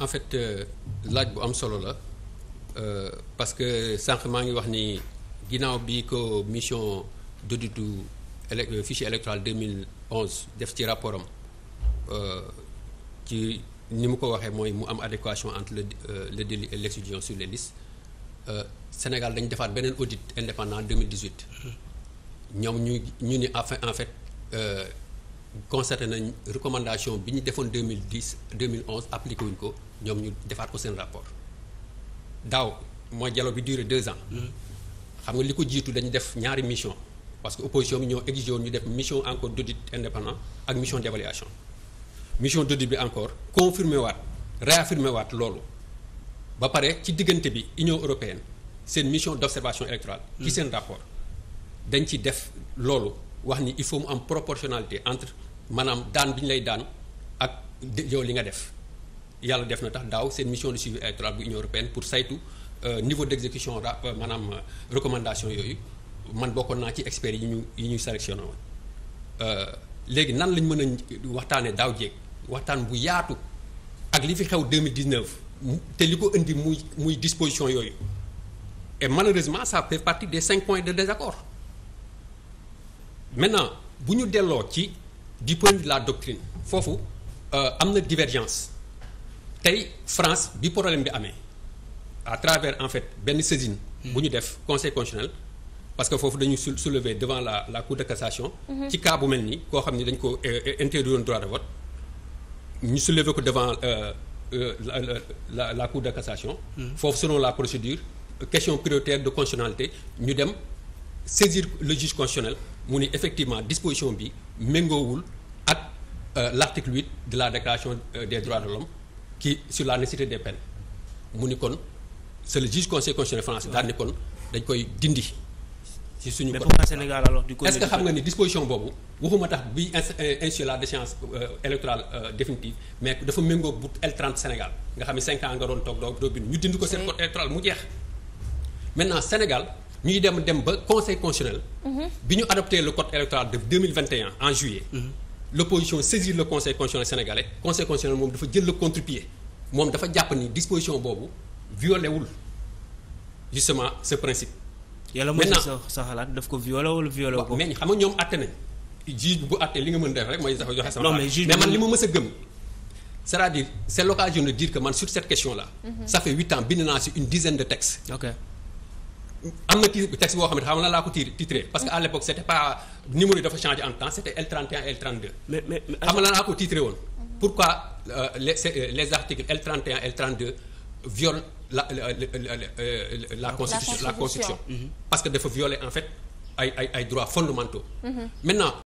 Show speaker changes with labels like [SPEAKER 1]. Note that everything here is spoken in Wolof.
[SPEAKER 1] en fait euh, laaj bu am solo la euh, parce que sànq maa ngi wax ni ginnaaw bi ko mission d'auditu ele euh, fichier électoral 2011 def ci rapport am ci ni mu ko waxee mooy mu am adéquation entre le le délit et l'exclusion sur les listes Sénégal dañu defaat beneen audit indépendant 2018 mm-hmm. ñoom ñu ñu ni en fait en constaté nañ recommandation bi ñu defoon 2010 2011 appliqué wuñ ko ñoom ñu defaat ko seen rapport daaw mooy dialogue bi duré deux ans mm. xam nga li ko jiitu dañu def ñaari mission parce que opposition bi ñoo exigé woon ñu def mission encore d'audit indépendant ak mission d'évaluation mission d'audit bi encore confirmé waat réaffirmé waat loolu ba pare ci diggante bi Union européenne seen mission d'observation électorale mm. ci seen rapport dañ ci def loolu wax ni il faut mu am proportionnalité entre maanaam daan bi ñu lay daan ak yow li nga def yàlla def na tax daaw seen mission de suivi électoral bu Union européenne pour saytu euh, niveau d' exécution euh, maanaam euh, recommandation yooyu man bokkoon naa ci experts yi ñu yi ñu sélectionné woon léegi nan lañ mën a waxtaanee daaw jeeg waxtaan bu yaatu ak li fi xew 2019 te li ko indi muy muy disposition yooyu et malheureusement ça fait partie des cinq points de désaccord maintenant bu ñu delloo ci du point de la doctrine foofu euh, am na divergence tey France bi problème bi amee à travers en fait benn saisine. bu ñu def conseil constitutionnel. parce que foofu dañu soulever devant la la cour de cassation. Mhm. ci cas mel nii koo xam ni dañ ko euh, euh, interdiroon droit de vote. ñu soulever ko devant euh, euh, la, la la la de cassation. Mhm. foofu selon la procédure question prioritaire de constitutionnalité ñu dem. saisir le juge constitutionnel mu ni effectivement disposition bi méngoowul ak euh, l'article 8 de la déclaration euh, des droits de l'homme qui sur la nécessité de peines mu ni kon c'est le juge conseil constitutionnel français daal ni kon dañ koy dindi ci suñu Sénégal alors du est-ce que xam nga ni disposition boobu waxuma tax bi instituer euh, la déchéance électorale définitive mais dafa méngoo bu L30 Sénégal nga xam ne 5 ans nga doon toog doo doo ñu dindi ko seen code électoral mu jeex maintenant Sénégal ñuy dem dem ba conseil constitutionnel. Mhm. bi ñu adopté le code électoral de 2021 en juillet. Mhm. l' opposition saisit le conseil constitutionnel sénégalais conseil constitutionnel moom dafa jël le contre-pied moom dafa jàpp ni disposition boobu violé wul justement ce principe. yàlla mooy sa sa xalaat daf ko violé xam nga ñoom àtte nañ juge li nga mën def rek dafa joxe sama. mais man li ma mës a gëm. c' est à dire c' est l' man sur cette question là. Mm -hmm. huit ans bind naa si une dizaine de textes. am na ti texte boo xam ne laa ko ti parce que à l'époque c'était pas numéro yi dafa changé en temps c'était L31 L32. mais xam na laa ko titré woon. pourquoi euh, les euh, les articles L31 L32 violent la la la, la constitution la constitution. Mhm. parce que dafa violer en fait ay ay fondamentaux. Mm -hmm.